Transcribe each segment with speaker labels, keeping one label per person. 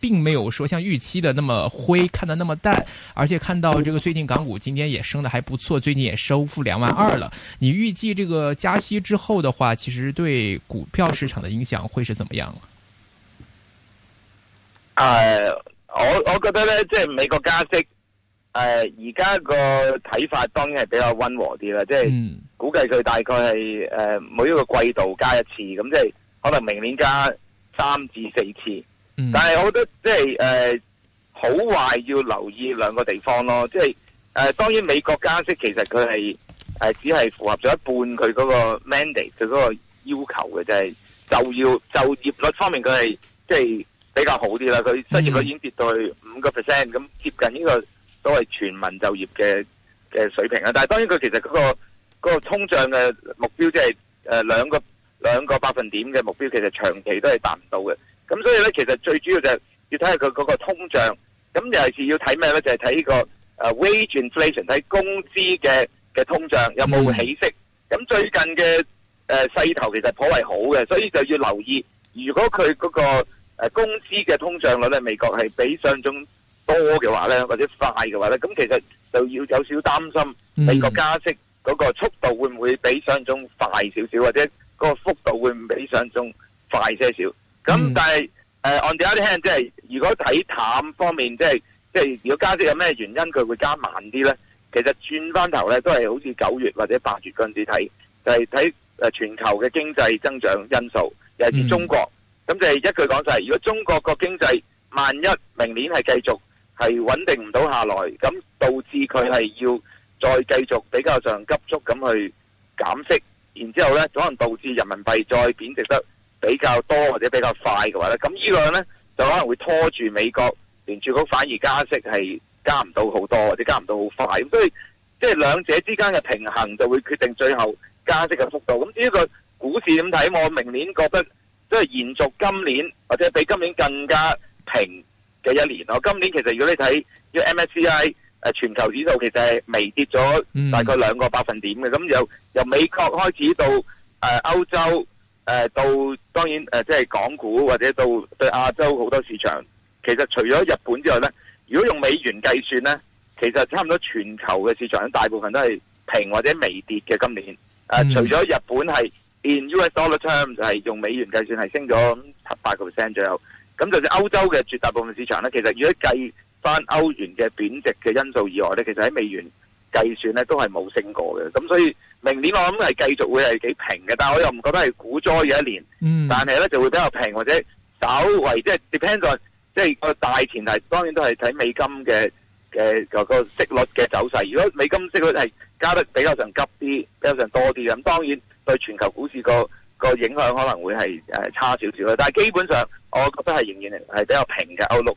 Speaker 1: 並沒有說像預期的那麼灰，看得那麼淡，而且看到這個最近港股今天也升得還不錯，最近也收復兩萬二了。你預計這個加息之後的話，其實對股票市場的影響會是怎麼樣啊？啊、
Speaker 2: 呃，我我覺得呢，即係美國加息，誒、呃，而家個睇法當然係比較溫和啲啦，即係估計佢大概係誒、呃、每一個季度加一次，咁即係可能明年加三至四次。但係我覺得即係誒好壞要留意兩個地方咯，即係誒當然美國加息其實佢係誒只係符合咗一半佢嗰個 mandate 佢嗰個要求嘅，就係、是、就要就業率方面佢係即係比較好啲啦，佢失業率已經跌到去五個 percent，咁接近呢個所謂全民就業嘅嘅水平。但係當然佢其實嗰、那個嗰、那個通脹嘅目標即係誒兩個兩個百分點嘅目標，其實長期都係達唔到嘅。咁所以咧，其實最主要就係要睇下佢嗰個通脹，咁尤其係要睇咩咧？就係睇呢個誒 wage、啊、inflation，睇工資嘅嘅通脹有冇起色。咁、嗯、最近嘅誒、呃、勢頭其實頗為好嘅，所以就要留意，如果佢嗰、嗰個工、啊、資嘅通脹率咧，美國係比想像中多嘅話咧，或者快嘅話咧，咁其實就要有少擔心美國加息嗰個速度會唔會比想像中快少少，嗯、或者嗰個幅度會唔會比想像中快些少？咁、嗯、但係誒、呃、on the other hand，即係如果睇淡方面，即係即係如果加息有咩原因，佢會加慢啲咧？其實轉翻頭咧，都係好似九月或者八月咁子睇，就係睇誒全球嘅經濟增長因素，尤其是中國。咁、嗯、就係一句講晒，如果中國個經濟萬一明年係繼續係穩定唔到下來，咁導致佢係要再繼續比較上急速咁去減息，然之後咧可能導致人民幣再貶值得。比較多或者比較快嘅話咧，咁呢個咧就可能會拖住美國聯儲局反而加息係加唔到好多或者加唔到好快，咁所以即係兩者之間嘅平衡就會決定最後加息嘅幅度。咁呢一個股市咁睇？我明年覺得都係延續今年或者比今年更加平嘅一年咯。我今年其實如果你睇呢 MSCI 誒全球指數，其實係微跌咗大概兩個百分點嘅。咁由、嗯嗯嗯、由美國開始到誒歐、呃、洲。誒、呃，到當然，呃、即係港股或者到對亞洲好多市場，其實除咗日本之外咧，如果用美元計算咧，其實差唔多全球嘅市場大部分都係平或者微跌嘅今年。呃嗯、除咗日本係 in US dollar term 就係用美元計算係升咗七八個 percent 左右，咁就算歐洲嘅絕大部分市場咧，其實如果計翻歐元嘅貶值嘅因素以外咧，其實喺美元。計算咧都係冇升過嘅，咁所以明年我諗係繼續會係幾平嘅，但係我又唔覺得係股災嘅一年。嗯，但係咧就會比較平或者稍為，即係 depend on，即係個大前提，當然都係睇美金嘅嘅個個息率嘅走勢。如果美金息率係加得比較上急啲、比較上多啲咁，當然對全球股市個影響可能會係差少少啦。但係基本上，我覺得係仍然係比較
Speaker 1: 平嘅歐六。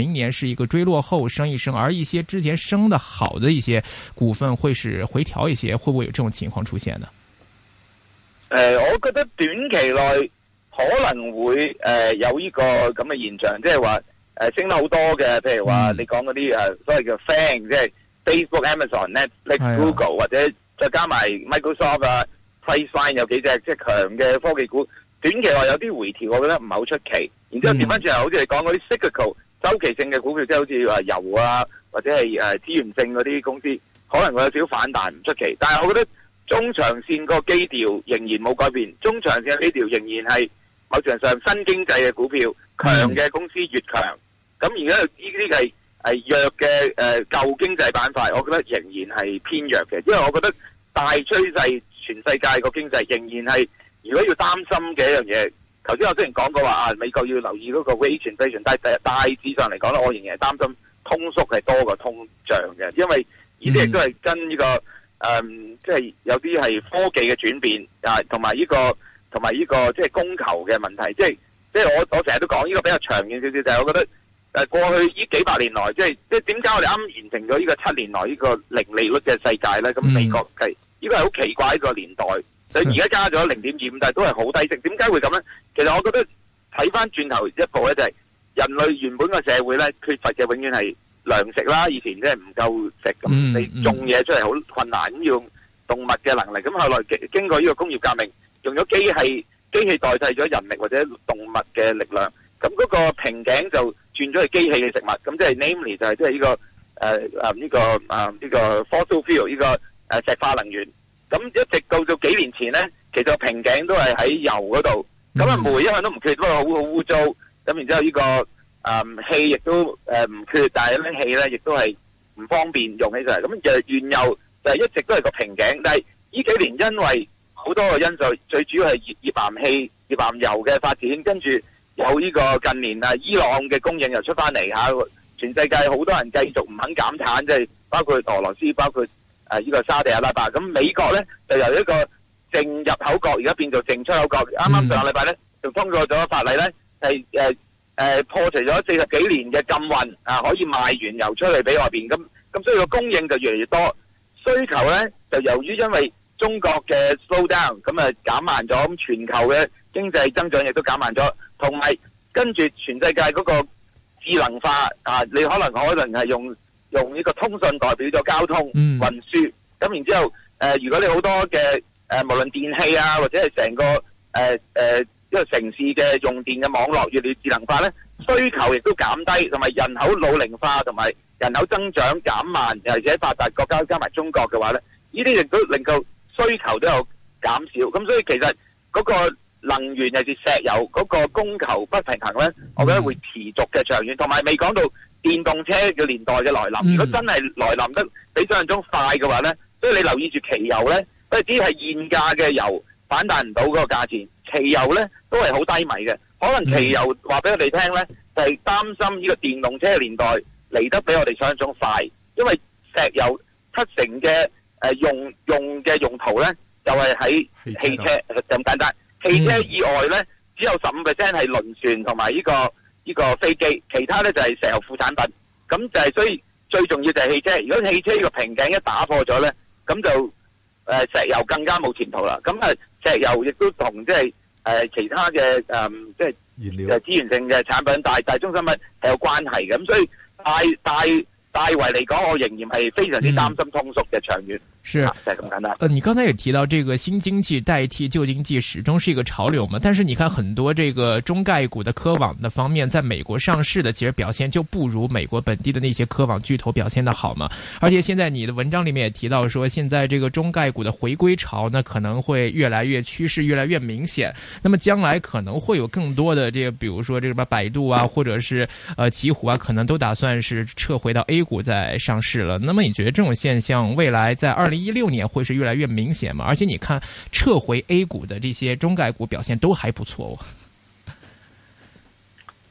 Speaker 1: 明年是一個追落後升一升，而一些之前升得好的一些股份會是回調一些，會不會有這種情況出現呢？誒、
Speaker 2: 呃，我覺得短期內可能會誒、呃、有呢個咁嘅現象，即係話誒升得好多嘅，譬如話、嗯、你講嗰啲誒所謂叫 FANG，即係 Facebook、Amazon、Netflix、Google 或者再加埋 Microsoft 啊、Priceline 有幾隻即強嘅科技股，短期內有啲回調，我覺得唔係好出奇。然之後調翻轉，好似、嗯、你講嗰啲 cyclical 周期性嘅股票，即係好似話油啊，或者係誒資源性嗰啲公司，可能會有少反彈，唔出奇。但係我覺得中長線個基調仍然冇改變，中長線嘅基調仍然係某場上新經濟嘅股票，強嘅公司越強。咁而家呢啲係弱嘅誒舊經濟板塊，我覺得仍然係偏弱嘅，因為我覺得大趨勢全世界個經濟仍然係如果要擔心嘅一樣嘢。頭先我之前講過話啊，美國要留意嗰個 rate inflation，但係大致上嚟講咧，我仍然係擔心通縮係多過通脹嘅，因為而啲嘢都係跟呢、這個誒，即、呃、係、就是、有啲係科技嘅轉變啊，同埋呢個同埋呢個即係供求嘅問題，即係即係我我成日都講呢、這個比較長遠少少，就係、是、我覺得誒過去呢幾百年來，即係即係點解我哋啱完成咗呢個七年來呢個零利率嘅世界咧？咁美國係呢、嗯、個係好奇怪的一個年代。就而家加咗零點二五，但係都係好低值。點解會咁咧？其實我覺得睇翻轉頭一步咧、就是，就係人類原本嘅社會咧，缺乏嘅永遠係糧食啦。以前即係唔夠食，咁、嗯、你種嘢出嚟好困難，咁用動物嘅能力。咁後來經經過呢個工業革命，用咗機器，機器代替咗人力或者動物嘅力量。咁嗰個瓶頸就轉咗係機器嘅食物。咁即係 namely 就係即係呢個誒誒呢個誒呢、呃這個 fossil fuel 呢個誒石化能源。咁一直到到幾年前咧，其實個瓶頸都係喺油嗰度。咁啊煤一向都唔缺、這個嗯都呃，不過好好污糟。咁然之後呢個啊氣亦都唔缺，但係呢氣咧亦都係唔方便用起上嚟。咁就原油就一直都係個瓶頸，但係呢幾年因為好多個因素，最主要係熱熱岩氣、熱岩油嘅發展，跟住有呢個近年啊伊朗嘅供應又出翻嚟吓，全世界好多人繼續唔肯減產，即係包括俄羅斯，包括。誒，呢個沙地阿拉伯，咁美國咧就由一個淨入口國而家變做淨出口國，啱啱、嗯、上個禮拜咧就通過咗法例咧，係誒誒破除咗四十幾年嘅禁運啊，可以賣原油出嚟俾外邊，咁咁所以個供應就越嚟越多，需求咧就由於因為中國嘅 slow down，咁啊減慢咗，咁全球嘅經濟增長亦都減慢咗，同埋跟住全世界嗰個智能化啊，你可能可能係用。用呢個通訊代表咗交通運輸，咁、嗯、然之後、呃，如果你好多嘅誒、呃、無論電器啊，或者係成個誒一、呃呃這個城市嘅用電嘅網絡越嚟越智能化咧，需求亦都減低，同埋人口老齡化，同埋人口增長減慢，尤其是發達發達國家加埋中國嘅話咧，呢啲亦都令到需求都有減少，咁所以其實嗰個能源尤其是石油嗰、嗰個供求不平衡咧，我覺得會持續嘅長遠，同埋未講到。電動車嘅年代嘅來臨，如果真係來臨得比想象中快嘅話呢，嗯、所以你留意住汽油呢，佢只係現價嘅油反彈唔到嗰個價錢，汽油呢都係好低迷嘅。可能汽油話俾我哋聽呢，就係、是、擔心呢個電動車嘅年代嚟得比我哋想象中快，因為石油七成嘅誒、呃、用用嘅用途呢，就係、是、喺汽車咁簡單，汽車，汽車以外呢，只有十五 percent 係輪船同埋呢個。呢個飛機，其他咧就係石油副產品，咁就係、是、所以最重要就係汽車。如果汽車呢個瓶頸一打破咗咧，咁就誒石油更加冇前途啦。咁啊，石油亦都同即係誒其他嘅誒即係誒資源性嘅產品，大大宗商品係有關係嘅。咁所以大大。大圍嚟講，我仍然係
Speaker 1: 非常之擔心通縮嘅長遠，就係咁簡單。呃，你剛才也提到，這個新經濟代替舊經濟始終是一個潮流嘛？但是，你看很多這個中概股的科網的方面，在美國上市的，其實表現就不如美國本地的那些科網巨頭表現得好嘛？而且，現在你的文章裏面也提到說，說現在這個中概股的回歸潮呢，呢可能會越來越趨勢越來越明顯。那麼，將來可能會有更多的、這個，這比如說，這什麼百度啊，或者是呃，呃奇虎啊，可能都打算是撤回到 A。A 股在上市了，那麼你覺得這種現象未來在二零一六年會是越來越明顯嗎？而且你看撤回 A 股的這些中概股表現都還不錯
Speaker 2: 哦。誒、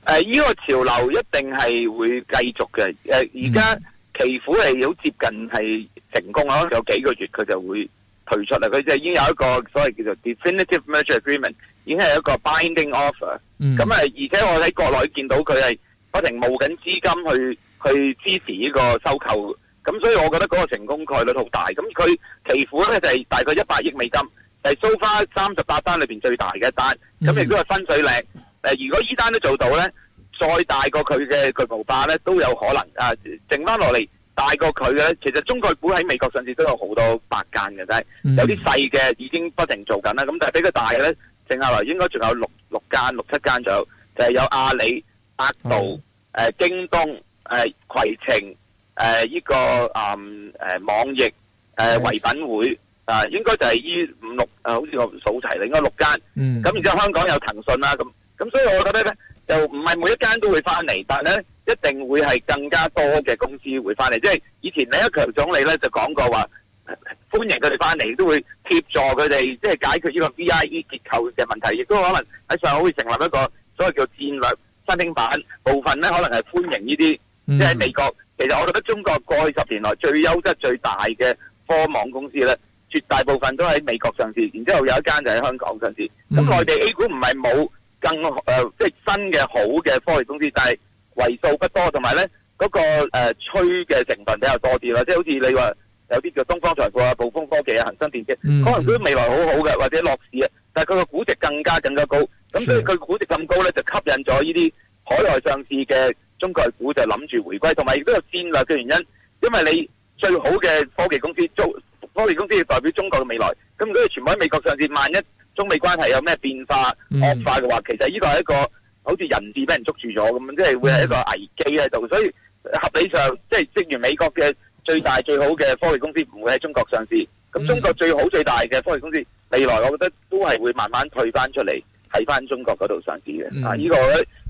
Speaker 2: 呃，呢、這個潮流一定係會繼續嘅。誒、呃，而家奇虎係好接近係成功咯，有幾個月佢就會退出嚟。佢就已經有一個所謂叫做 definitive merger agreement，已經係一個 binding offer。咁啊、嗯嗯，而且我喺國內見到佢係不停募緊資金去。去支持呢個收購，咁所以我覺得嗰個成功概率好大。咁佢期股咧就係、是、大概一百億美金，就係收花三十八單裏面最大嘅一單。咁亦都係分水嶺，呃、如果依單都做到咧，再大過佢嘅巨無霸咧都有可能。啊，剩翻落嚟大過佢嘅咧，其實中國股喺美國上市都有好多百間嘅，啫、嗯哼，有啲細嘅已經不停做緊啦。咁但係比較大嘅咧，剩下來應該仲有六六間、六七間左右，就係、是、有阿里、百度、嗯呃、京東。誒，攜、啊、程，誒、啊、依、呢個誒、嗯啊、網易，誒唯品會，啊，應該就係依五六，誒好似我數齊啦，應該六間。咁然之後香港有騰訊啦，咁咁所以我覺得咧，就唔係每一間都會翻嚟，但係咧，一定會係更加多嘅公司會翻嚟。即係以前李克強總理咧就講過話，歡迎佢哋翻嚟，都會協助佢哋，即係解決呢個 VIE 結構嘅問題，亦都可能喺上海會成立一個所謂叫戰略新興板，部分咧可能係歡迎呢啲。即係美國，嗯、其實我覺得中國過去十年來最優質、最大嘅科網公司咧，絕大部分都喺美國上市，然之後有一間就喺香港上市。咁內、嗯、地 A 股唔係冇更誒，即、呃、係、就是、新嘅好嘅科技公司，但係為數不多，同埋咧嗰個誒、呃、吹嘅成分比較多啲啦。即係好似你話有啲叫東方財富啊、暴風科技啊、恒生電子，嗯、可能都未來好好嘅，或者落市啊，但係佢個估值更加更加高。咁實所以佢估值咁高咧，就吸引咗呢啲海外上市嘅。中國股就諗住回歸，同埋亦都有戰略嘅原因。因為你最好嘅科技公司，中科技公司代表中國嘅未來。咁如果全部喺美國上市，萬一中美關係有咩變化惡化嘅話，其實呢個係一個好似人質俾人捉住咗咁樣，即係會係一個危機喺度。所以合理上，即係正如美國嘅最大最好嘅科技公司唔會喺中國上市，咁中國最好最大嘅科技公司未來，我覺得都係會慢慢退翻出嚟，喺翻中國嗰度上市嘅。嗯、啊，呢、這個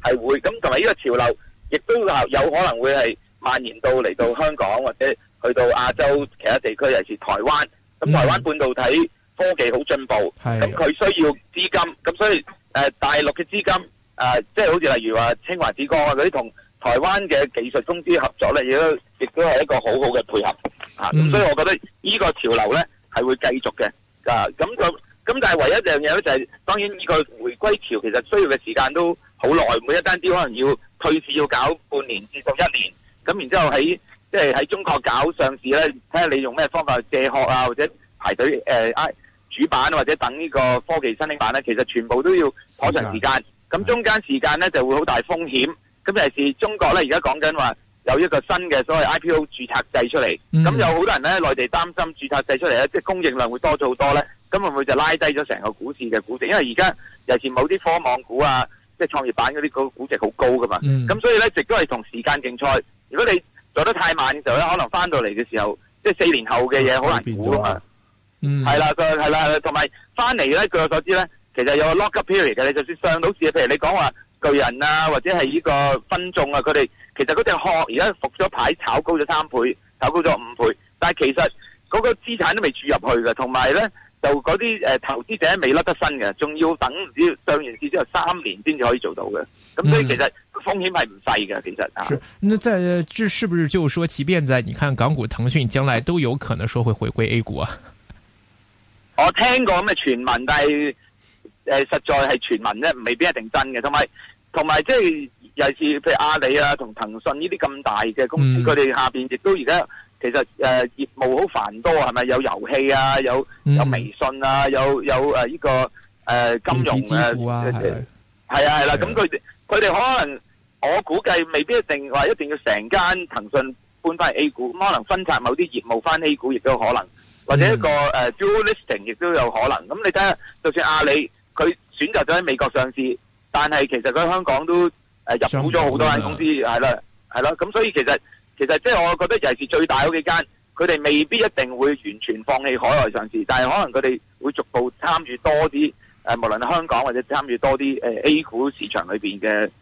Speaker 2: 係會咁，同埋呢個潮流，亦都有可能會係蔓延到嚟到香港或者去到亞洲其他地區，尤其是台灣。咁台灣半導體科技好進步，咁佢、嗯、需要資金，咁所以誒、呃、大陸嘅資金誒，即、呃、係、就是、好似例如話清華紫光啊嗰啲同台灣嘅技術公司合作咧，亦都亦都係一個很好好嘅配合、嗯、啊！咁所以我覺得呢個潮流咧係會繼續嘅啊！咁就咁，但係唯一一樣嘢咧就係、是，當然依個回歸潮其實需要嘅時間都好耐，每一單啲可能要退市，要搞半年至到一年，咁然之後喺即係喺中國搞上市咧，睇下你用咩方法去借殼啊，或者排隊誒 I、呃、主板或者等呢個科技新興板咧，其實全部都要頗長時間。咁間中間時間咧就會好大風險。咁尤其是中國咧，而家講緊話有一個新嘅所謂 IPO 注冊制出嚟，咁、嗯、有好多人咧內地擔心注冊制出嚟咧，即係供應量會多咗好多咧，咁會唔會就拉低咗成個股市嘅估值？因為而家尤其某啲科網股啊。即係創業板嗰啲個估值好高噶嘛，咁、嗯、所以咧，亦都都係同時間競賽。如果你做得太慢嘅時候咧，可能翻到嚟嘅時候，即係四年後嘅嘢好難估啊。嗯，係啦，係啦，同埋翻嚟咧，據我所知咧，其實有個 lockup period 嘅。你就算上到市，譬如你講話巨人啊，或者係呢個分眾啊，佢哋其實嗰隻殼而家復咗牌，炒高咗三倍，炒高咗五倍，但係其實嗰個資產都未注入去嘅，同埋咧。就嗰啲誒投資者未甩得身嘅，仲要等唔知上完市之後三年先至可以做到嘅，咁所以其實風險係唔細嘅，其實
Speaker 1: 啊。那在這是不是就說，即便在你看港股騰訊將來都有可能說會回歸 A 股啊？
Speaker 2: 我聽過咁嘅傳聞，但係誒、呃、實在係傳聞啫，未必一定真嘅。同埋同埋即係又是譬如阿里啊，同騰訊呢啲咁大嘅公司，佢哋、嗯、下邊亦都而家。其實誒業務好繁多係咪？有遊戲啊，有有微信啊，有有誒呢個誒金融啊，係啊係啦。咁佢佢哋可能我估計未必一定話一定要成間騰訊搬翻去 A 股，咁可能分拆某啲業務翻 A 股亦都有可能，或者一個誒 Dual Listing 亦都有可能。咁你睇下，就算阿里佢選擇咗喺美國上市，但係其實佢喺香港都誒入股咗好多間公司，係啦係啦。咁所以其實。其實即係我覺得尤其是最大嗰幾間，佢哋未必一定會完全放棄海外上市，但係可能佢哋會逐步參與多啲，誒、呃、無論係香港或者參與多啲、呃、A 股市場裏面嘅。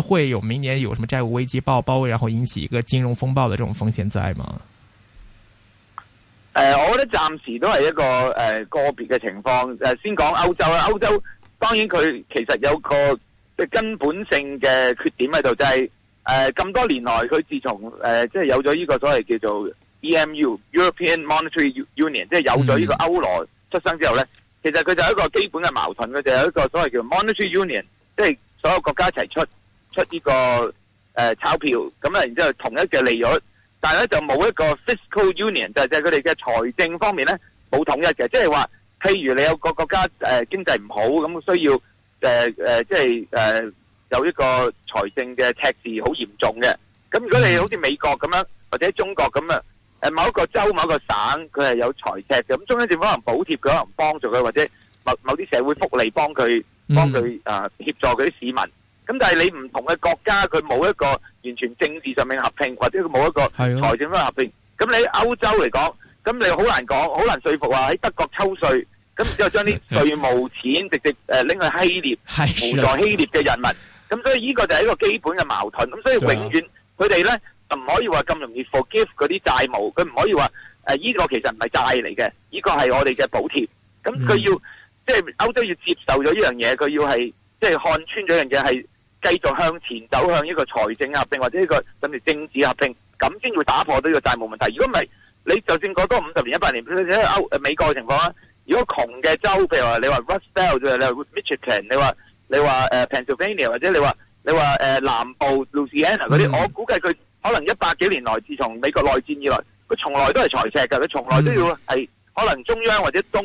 Speaker 1: 會有明年有什麼債務危機，爆煲，然後引起一個金融風暴的這種風險在嗎？
Speaker 2: 誒、呃，我覺得暫時都係一個誒、呃、個別嘅情況。誒、呃，先講歐洲啦，歐洲當然佢其實有個即係根本性嘅缺點喺度、就是，就係誒咁多年來佢自從誒即係有咗呢個所謂叫做 EMU European Monetary Union，即係有咗呢個歐羅出生之後咧，嗯、其實佢就係一個基本嘅矛盾，佢就係、是、一個所謂叫 Monetary Union，即係所有國家一齊出。出呢、這個誒鈔、呃、票，咁啊，然之後同一嘅利率，但係咧就冇一個 fiscal union，就係即係佢哋嘅財政方面咧冇統一嘅，即係話譬如你有個國家誒、呃、經濟唔好，咁需要誒誒、呃呃、即係誒、呃、有一個財政嘅赤字好嚴重嘅，咁如果你好似美國咁樣或者中國咁啊，誒某一個州、某一個省佢係有財赤嘅，咁中央政府可能補貼佢，可能幫助佢，或者某某啲社會福利幫佢，嗯、幫佢誒、呃、協助佢啲市民。咁但係你唔同嘅國家，佢冇一個完全政治上面合併，或者佢冇一個財政上合併。咁的你喺歐洲嚟講，咁你好難講，好難說服話喺德國抽稅，咁然之後將啲稅務錢直接誒拎、呃、去希臘，扶助希臘嘅人民。咁的所以呢個就係一個基本嘅矛盾。咁所以永遠佢哋咧就唔可以話咁容易 forgive 嗰啲債務，佢唔可以話誒呢個其實唔係債嚟嘅，呢、呢個係我哋嘅補貼。咁佢要、嗯、即係歐洲要接受咗呢樣嘢，佢要係即係看穿咗樣嘢係。繼續向前走向一個財政合併或者一個甚至政治合併，咁先會打破到呢個債務問題。如果唔係，你就算過多五十年、一百年，歐美國嘅情況啦。如果窮嘅州，譬如話你話 Rust Belt 你話 Michigan，你話你話誒 Pennsylvania，或者你話你話誒南部 Louisiana 嗰啲，mm hmm. 我估計佢可能一百幾年來，自從美國內戰以來，佢從來都係財赤嘅，佢從來都要係可能中央或者中。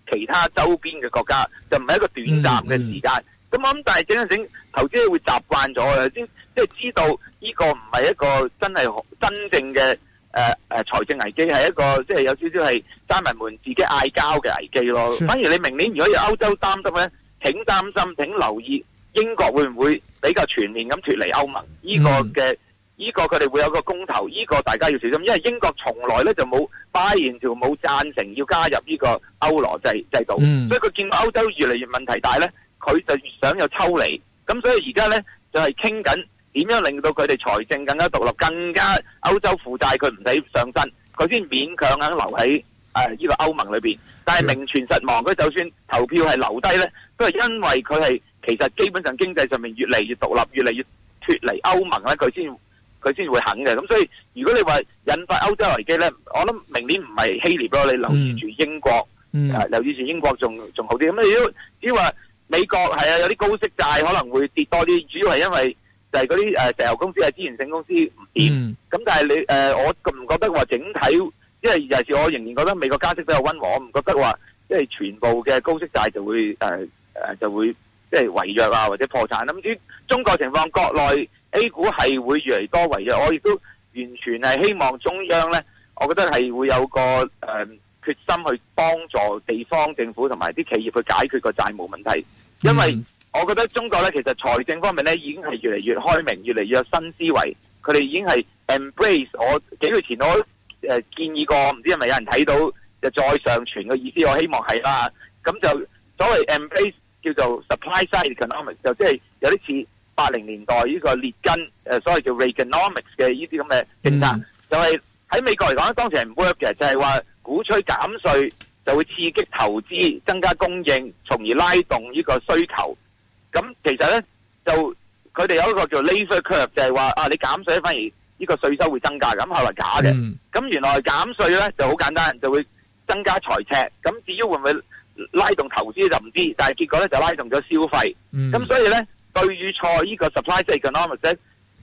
Speaker 2: 其他周邊嘅國家就唔係一個短暫嘅時間，咁、嗯嗯、我諗，但係整陣整投資會習慣咗先，即係知道呢個唔係一個真係真正嘅誒誒財政危機，係一個即係有少少係渣民們自己嗌交嘅危機咯。是反而你明年如果有歐洲擔心咧，請擔心，請留意英國會唔會比較全面咁脫離歐盟呢、呢個嘅。嗯呢個佢哋會有一個公投，呢、呢個大家要小心，因為英國從來咧就冇擺完條冇贊成要加入呢個歐羅制制度，嗯、所以佢見到歐洲越嚟越問題大咧，佢就越想有抽離。咁所以而家咧就係傾緊點樣令到佢哋財政更加獨立，更加歐洲負債佢唔使上身，佢先勉強肯留喺誒呢個歐盟裏邊。但係名存實亡，佢就算投票係留低咧，都係因為佢係其實基本上經濟上面越嚟越獨立，越嚟越脱離歐盟咧，佢先。佢先會肯嘅，咁所以如果你話引發歐洲危機咧，我諗明年唔係希臘咯。你留意住英國，嗯嗯、留意住英國仲仲好啲。咁你如果只要話美國係啊，有啲高息債可能會跌多啲，主要係因為就係嗰啲誒石油公司、係資源性公司唔掂。咁、嗯、但係你誒、呃，我唔覺得話整體，因為尤其是我仍然覺得美國加息比較溫和，我唔覺得話即係全部嘅高息債就會誒誒、呃呃、就會。即係違約啊，或者破產咁、嗯。至於中國情況，國內 A 股係會越嚟越多違約。我亦都完全係希望中央呢，我覺得係會有個誒、呃、決心去幫助地方政府同埋啲企業去解決個債務問題。因為我覺得中國呢，其實財政方面呢，已經係越嚟越開明，越嚟越有新思維。佢哋已經係 embrace。我幾個月前我誒建議過，唔知係咪有人睇到就再上傳嘅意思。我希望係啦。咁就所謂 embrace。叫做 supply side economics 就即係有啲似八零年代呢個列根誒、呃、所謂叫 Reaganomics 嘅呢啲咁嘅政策，嗯、就係喺美國嚟講，當時係唔 work 嘅，就係、是、話鼓吹減稅就會刺激投資，增加供應，從而拉動呢個需求。咁其實咧就佢哋有一個叫 Laffer curve 就係話啊你減稅反而呢個稅收會增加嘅，咁係咪假嘅？咁、嗯、原來減稅咧就好簡單，就會增加財赤。咁至於會唔會？拉動投資就唔知，但係結果咧就拉動咗消費。咁、嗯、所以呢，對與錯呢個 supply-side economics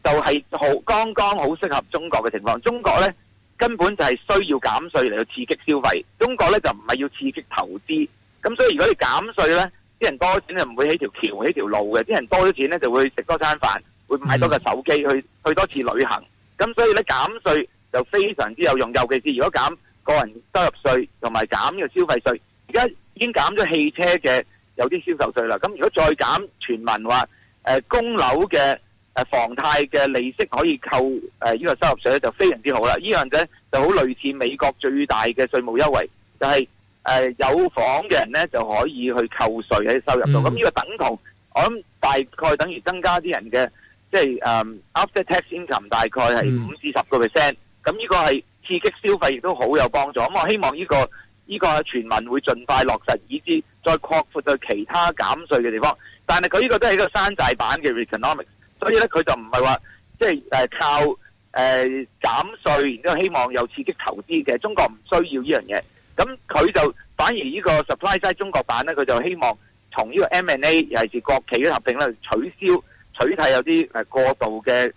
Speaker 2: 就係好剛剛好適合中國嘅情況。中國呢根本就係需要減稅嚟到刺激消費。中國呢就唔係要刺激投資。咁所以如果你減稅呢，啲人多咗錢就唔會起條橋、起條路嘅，啲人多咗錢呢就會食多餐飯，會買多個手機去，去去多次旅行。咁所以呢，減稅就非常之有用，尤其是如果減個人收入稅同埋減呢個消費稅，而家。已經減咗汽車嘅有啲銷售稅啦，咁如果再減，傳聞話誒供樓嘅誒、呃、房貸嘅利息可以扣誒呢、呃這個收入稅咧，就非常之好啦。這個、呢樣嘢就好類似美國最大嘅稅務優惠，就係、是、誒、呃、有房嘅人咧就可以去扣稅喺收入度。咁呢、嗯、個等同我諗大概等於增加啲人嘅即係誒 after tax income 大概係五至十個 percent，咁呢個係刺激消費亦都好有幫助。咁我希望呢、這個。呢個全民會盡快落實以至，再擴闊到其他減稅嘅地方。但係佢呢個都係一個山寨版嘅 Reaganomics 所以咧佢就唔係話即係誒靠誒減、呃、稅，然之後希望有刺激投資。嘅。中國唔需要呢樣嘢，咁佢就反而呢個 supply side 中國版咧，佢就希望從呢個 M&A，尤其是國企嘅合併咧，取消取締有啲誒過度嘅誒、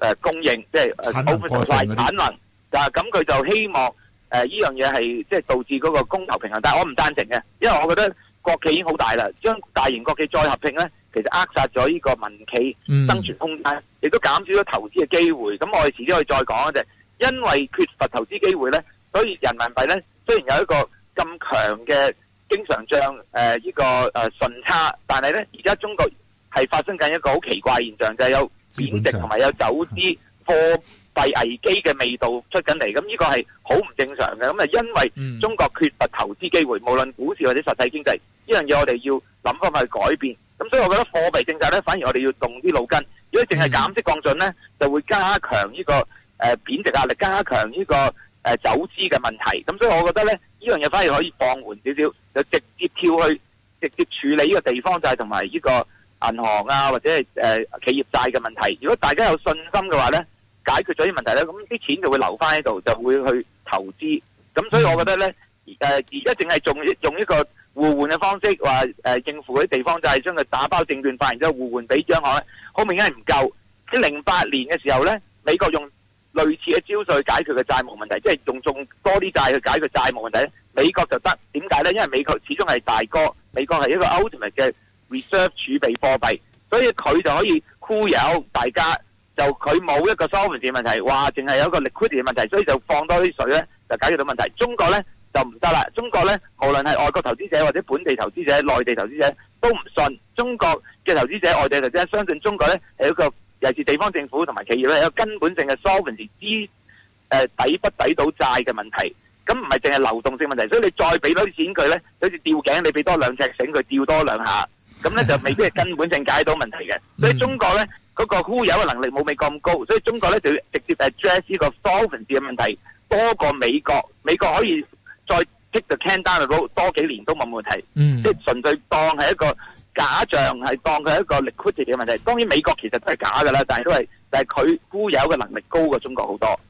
Speaker 2: 呃、供應，即係鋪開曬產能。啊，咁佢就希望。誒呢、啊、樣嘢係即係導致嗰個供求平衡，但我唔贊成嘅，因為我覺得國企已經好大啦，將大型國企再合併呢，其實扼殺咗呢個民企生存空間，亦都減少咗投資嘅機會。咁我哋遲啲可以再講一啫。因為缺乏投資機會呢。所以人民幣呢，雖然有一個咁強嘅經常帳呢、呃、個、呃、順差，但係呢，而家中國係發生緊一個好奇怪現象就係、是、有貶值同埋有走資貨資幣危機嘅味道出緊嚟，咁呢個係好唔正常嘅。咁啊，因為中國缺乏投資機會，無論股市或者實體經濟，呢樣嘢我哋要諗方法去改變。咁所以我覺得貨幣政策咧，反而我哋要動啲腦筋。如果淨係減息降準咧，就會加強呢、這個誒貶、呃、值壓力，加強呢、這個誒、呃、走資嘅問題。咁所以我覺得咧，呢樣嘢反而可以放緩少少，就直接跳去直接處理呢個地方債同埋呢個銀行啊或者係誒、呃、企業債嘅問題。如果大家有信心嘅話咧。解決咗啲問題咧，咁啲錢就會留翻喺度，就會去投資。咁所以我覺得咧，而家淨係用用一個互換嘅方式，話、呃、政府付啲地方，就係將佢打包證券化，然之後互換俾央行。好明顯係唔夠。喺零八年嘅時候咧，美國用類似嘅招數去解決嘅債務問題，即係用仲多啲債去解決債務問題咧。美國就得點解咧？因為美國始終係大哥，美國係一個 ultimate 嘅 reserve 儲備貨幣，所以佢就可以箍有大家。就佢冇一個 solvency 問題，話淨係有一個 liquidity 問題，所以就放多啲水咧，就解決到問題。中國咧就唔得啦，中國咧無論係外國投資者或者本地投資者，內地投資者都唔信中國嘅投資者，外地投資者相信中國咧係一個尤其是地方政府同埋企業咧有根本性嘅 solvency 資、呃、誒，抵不抵到債嘅問題，咁唔係淨係流動性問題，所以你再俾多啲錢佢咧，好似吊頸你俾多兩尺繩，佢吊多兩下，咁咧就未必係根本性解到問題嘅。所以中國咧。 嗰個忽悠嘅能力冇美國咁高，所以中國呢就要直接係 address 呢個 solvency 嘅問題多過美國。美國可以再 take the can down the road，多多幾年都冇問題。嗯、即係純粹當係一個假象，係當佢係一個 liquidity 嘅問題。當然美國其實都係假㗎啦，但係都係，但係佢忽悠嘅能力高過中國好多。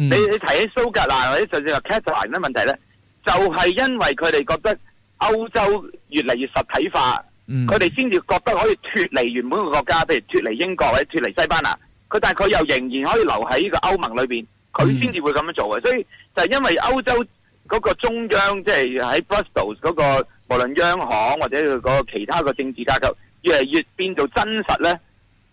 Speaker 2: 你、嗯、你提起蘇格蘭或者甚至話卡士蘭咧問題咧，就係、是、因為佢哋覺得歐洲越嚟越實體化，佢哋先至覺得可以脱離原本嘅國家，譬如脱離英國或者脱離西班牙。佢但係佢又仍然可以留喺呢個歐盟裏邊，佢先至會咁樣做嘅。嗯、所以就係因為歐洲嗰個中央即係、就、喺、是、Brussels 嗰、那個無論央行或者佢嗰個其他嘅政治架構越嚟越變做真實咧，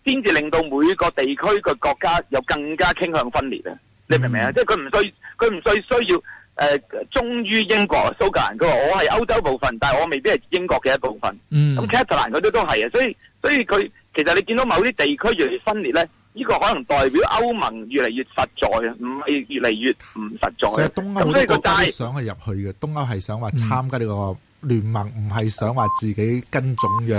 Speaker 2: 先至令到每個地區嘅國家有更加傾向分裂啊！你明唔明啊？嗯、即係佢唔需佢唔需需要誒、呃、忠於英國啊，蘇格蘭佢話我係歐洲部分，但係我未必係英國嘅一部分。咁卡特蘭嗰啲都係啊，所以所以佢其實你見到某啲地區越嚟越分裂咧，呢、呢個可能代表歐盟越嚟越實在，啊。唔係越嚟越唔實在。其實東歐好多國家
Speaker 1: 想去入去嘅，嗯、東歐係想話參加呢個聯盟，唔係想話自己跟種樣。